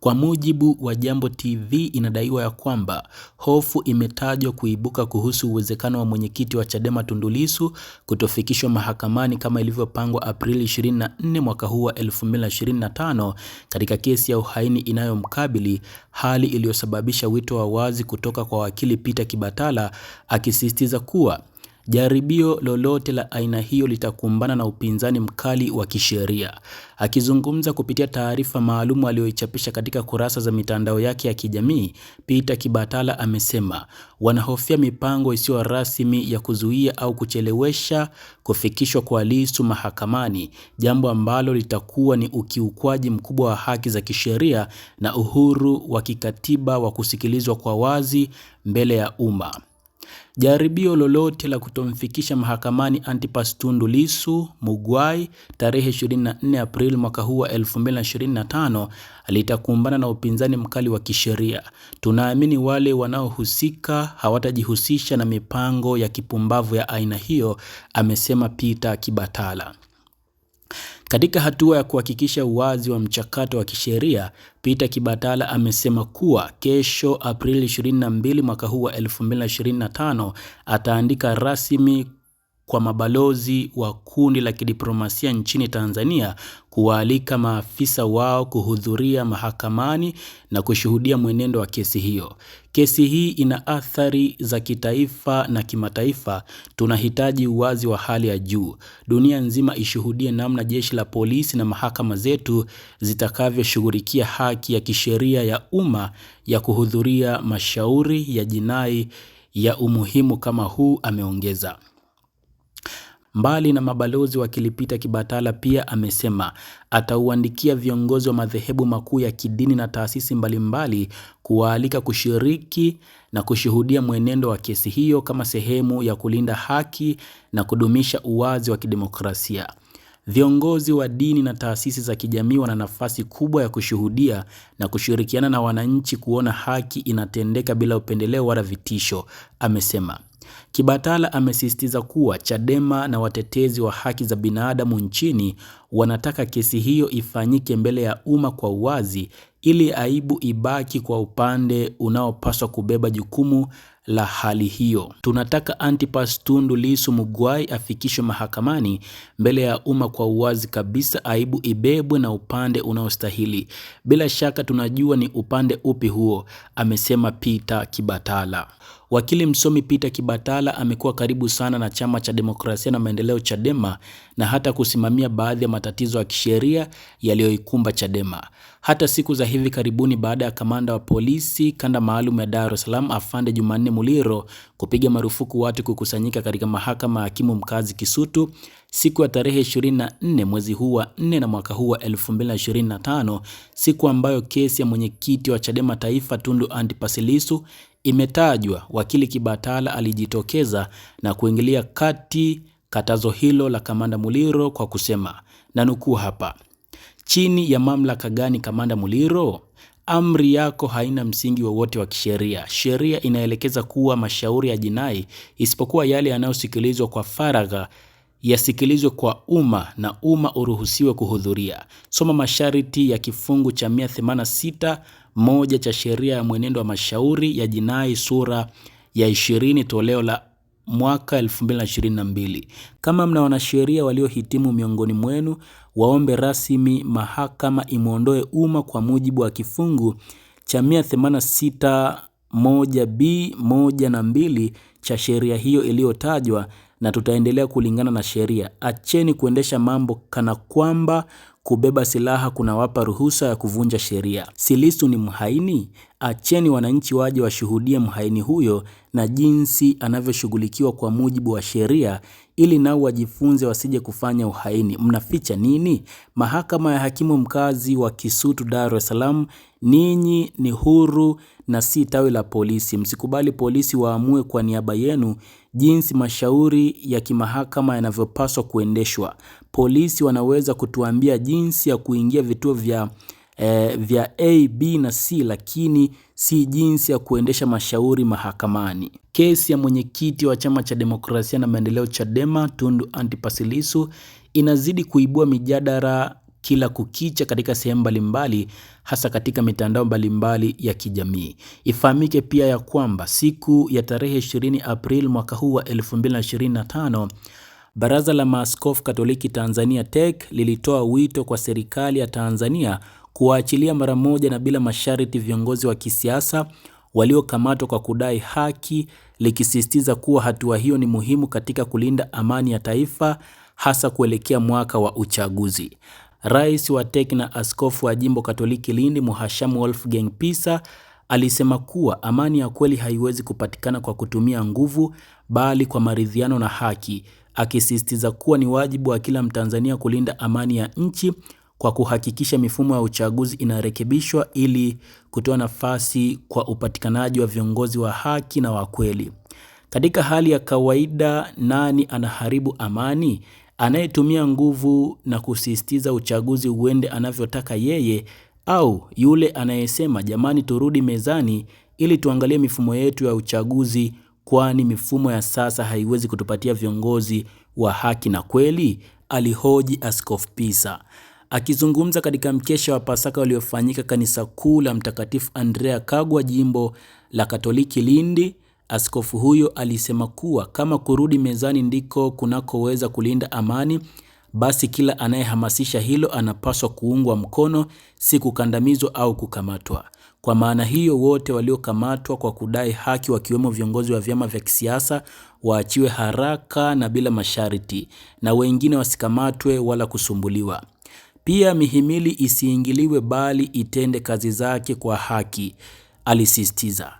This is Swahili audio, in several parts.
Kwa mujibu wa Jambo TV, inadaiwa ya kwamba hofu imetajwa kuibuka kuhusu uwezekano wa mwenyekiti wa Chadema Tundu Lissu kutofikishwa mahakamani kama ilivyopangwa Aprili 24 mwaka huu wa 2025 katika kesi ya uhaini inayomkabili, hali iliyosababisha wito wa wazi kutoka kwa wakili Peter Kibatala akisisitiza kuwa Jaribio lolote la aina hiyo litakumbana na upinzani mkali wa kisheria. Akizungumza kupitia taarifa maalum aliyoichapisha katika kurasa za mitandao yake ya kijamii, Peter Kibatala amesema wanahofia mipango isiyo rasmi ya kuzuia au kuchelewesha kufikishwa kwa Lissu mahakamani, jambo ambalo litakuwa ni ukiukwaji mkubwa wa haki za kisheria na uhuru wa kikatiba wa kusikilizwa kwa wazi mbele ya umma. Jaribio lolote la kutomfikisha mahakamani Antipas Tundu Lissu Mugwai tarehe 24 Aprili mwaka huu wa 2025 litakumbana na upinzani mkali wa kisheria. Tunaamini wale wanaohusika hawatajihusisha na mipango ya kipumbavu ya aina hiyo, amesema Peter Kibatala. Katika hatua ya kuhakikisha uwazi wa mchakato wa kisheria, Peter Kibatala amesema kuwa kesho Aprili 22 mwaka huu wa 2025 ataandika rasmi kwa mabalozi wa kundi la kidiplomasia nchini Tanzania kuwaalika maafisa wao kuhudhuria mahakamani na kushuhudia mwenendo wa kesi hiyo. Kesi hii ina athari za kitaifa na kimataifa. Tunahitaji uwazi wa hali ya juu. Dunia nzima ishuhudie namna jeshi la polisi na mahakama zetu zitakavyoshughulikia haki ya kisheria ya umma ya kuhudhuria mashauri ya jinai ya umuhimu kama huu, ameongeza. Mbali na mabalozi wakilipita Kibatala pia amesema atauandikia viongozi wa madhehebu makuu ya kidini na taasisi mbalimbali kuwaalika kushiriki na kushuhudia mwenendo wa kesi hiyo kama sehemu ya kulinda haki na kudumisha uwazi wa kidemokrasia. Viongozi wa dini na taasisi za kijamii wana nafasi kubwa ya kushuhudia na kushirikiana na wananchi kuona haki inatendeka bila upendeleo wala vitisho, amesema. Kibatala amesisitiza kuwa Chadema na watetezi wa haki za binadamu nchini wanataka kesi hiyo ifanyike mbele ya umma kwa uwazi ili aibu ibaki kwa upande unaopaswa kubeba jukumu la hali hiyo. Tunataka Antipas Tundu Lissu Mugwai afikishwe mahakamani mbele ya umma kwa uwazi kabisa, aibu ibebwe na upande unaostahili. Bila shaka tunajua ni upande upi huo, amesema Peter Kibatala. Wakili msomi Peter Kibatala amekuwa karibu sana na chama cha demokrasia na maendeleo Chadema na hata kusimamia baadhi ya matatizo ya kisheria yaliyoikumba Chadema. Hata siku za hivi karibuni baada ya kamanda wa polisi kanda maalum ya Dar es Salaam Afande Jumanne Muliro kupiga marufuku watu kukusanyika katika mahakama ya hakimu mkazi Kisutu siku ya tarehe 24 mwezi huu wa 4 na mwaka huu wa 2025, siku ambayo kesi ya mwenyekiti wa Chadema Taifa Tundu Antipas Lissu imetajwa, wakili Kibatala alijitokeza na kuingilia kati katazo hilo la kamanda Muliro kwa kusema, na nukuu hapa: chini ya mamlaka gani kamanda Muliro? Amri yako haina msingi wowote wa, wa kisheria. Sheria inaelekeza kuwa mashauri ya jinai, isipokuwa yale yanayosikilizwa kwa faragha, yasikilizwe kwa umma na umma uruhusiwe kuhudhuria. Soma masharti ya kifungu cha 186 moja cha sheria ya mwenendo wa mashauri ya jinai sura ya 20 toleo la mwaka 2022. Kama mna wanasheria waliohitimu miongoni mwenu, waombe rasmi mahakama imwondoe umma kwa mujibu wa kifungu cha 186 moja b moja na mbili cha sheria hiyo iliyotajwa na tutaendelea kulingana na sheria. Acheni kuendesha mambo kana kwamba kubeba silaha kunawapa ruhusa ya kuvunja sheria. Silisu ni mhaini? Acheni wananchi waje washuhudie mhaini huyo na jinsi anavyoshughulikiwa kwa mujibu wa sheria ili nao wajifunze wasije kufanya uhaini. Mnaficha nini? Mahakama ya Hakimu Mkazi wa Kisutu, Dar es Salaam, ninyi ni huru na si tawi la polisi. Msikubali polisi waamue kwa niaba yenu jinsi mashauri ya kimahakama yanavyopaswa kuendeshwa. Polisi wanaweza kutuambia jinsi ya kuingia vituo vya eh, vya A, B na C, lakini si jinsi ya kuendesha mashauri mahakamani. Kesi ya mwenyekiti wa chama cha demokrasia na maendeleo Chadema Tundu Antipas Lissu inazidi kuibua mijadala kila kukicha katika sehemu mbalimbali hasa katika mitandao mbalimbali ya kijamii. Ifahamike pia ya kwamba siku ya tarehe 20 Aprili mwaka huu wa 2025 Baraza la Maaskofu Katoliki Tanzania TEC lilitoa wito kwa serikali ya Tanzania kuwaachilia mara moja na bila masharti viongozi wa kisiasa waliokamatwa kwa kudai haki, likisisitiza kuwa hatua hiyo ni muhimu katika kulinda amani ya taifa hasa kuelekea mwaka wa uchaguzi. Rais wa TEC na askofu wa Jimbo Katoliki Lindi, Mhashamu Wolfgang Pisa alisema kuwa amani ya kweli haiwezi kupatikana kwa kutumia nguvu bali kwa maridhiano na haki akisisitiza kuwa ni wajibu wa kila Mtanzania kulinda amani ya nchi kwa kuhakikisha mifumo ya uchaguzi inarekebishwa ili kutoa nafasi kwa upatikanaji wa viongozi wa haki na wa kweli. Katika hali ya kawaida, nani anaharibu amani? Anayetumia nguvu na kusisitiza uchaguzi uende anavyotaka yeye, au yule anayesema jamani, turudi mezani ili tuangalie mifumo yetu ya uchaguzi kwani mifumo ya sasa haiwezi kutupatia viongozi wa haki na kweli? Alihoji Askofu Pisa akizungumza katika mkesha wa Pasaka uliofanyika kanisa kuu la Mtakatifu Andrea Kagwa, jimbo la Katoliki Lindi. Askofu huyo alisema kuwa kama kurudi mezani ndiko kunakoweza kulinda amani, basi kila anayehamasisha hilo anapaswa kuungwa mkono, si kukandamizwa au kukamatwa. Kwa maana hiyo, wote waliokamatwa kwa kudai haki wakiwemo viongozi wa vyama vya kisiasa waachiwe haraka na bila masharti, na wengine wasikamatwe wala kusumbuliwa. Pia mihimili isiingiliwe bali itende kazi zake kwa haki, alisisitiza.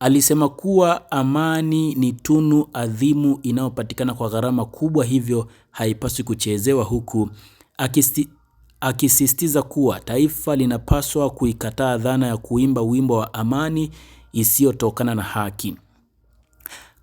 Alisema kuwa amani ni tunu adhimu inayopatikana kwa gharama kubwa, hivyo haipaswi kuchezewa, huku akisi akisisitiza kuwa taifa linapaswa kuikataa dhana ya kuimba wimbo wa amani isiyotokana na haki.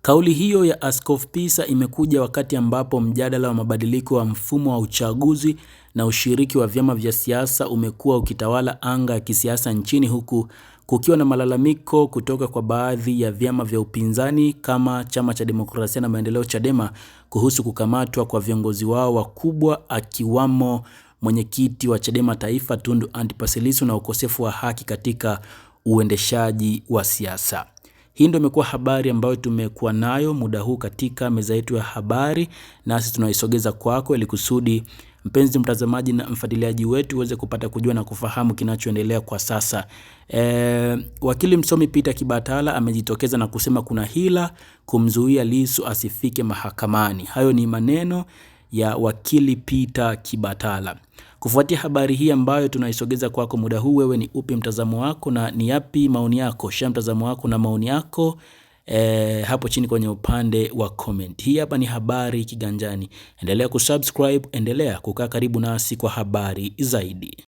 Kauli hiyo ya Askofu Pisa imekuja wakati ambapo mjadala wa mabadiliko wa mfumo wa uchaguzi na ushiriki wa vyama vya siasa umekuwa ukitawala anga ya kisiasa nchini huku kukiwa na malalamiko kutoka kwa baadhi ya vyama vya upinzani kama Chama cha Demokrasia na Maendeleo, Chadema, kuhusu kukamatwa kwa viongozi wao wakubwa akiwamo mwenyekiti wa Chadema Taifa Tundu Antipas Lissu na ukosefu wa haki katika uendeshaji wa siasa. Hii ndio imekuwa habari ambayo tumekuwa nayo muda huu katika meza yetu ya habari, nasi tunaisogeza kwako ili kusudi mpenzi mtazamaji na mfuatiliaji wetu uweze kupata kujua na kufahamu kinachoendelea kwa sasa. E, wakili msomi Peter Kibatala amejitokeza na kusema kuna hila kumzuia Lissu asifike mahakamani. Hayo ni maneno ya wakili Peter Kibatala. Kufuatia habari hii ambayo tunaisogeza kwako muda huu, wewe ni upi mtazamo wako na ni yapi maoni yako? Shia mtazamo wako na maoni yako eh, hapo chini kwenye upande wa comment. Hii hapa ni Habari Kiganjani. Endelea kusubscribe, endelea kukaa karibu nasi kwa habari zaidi.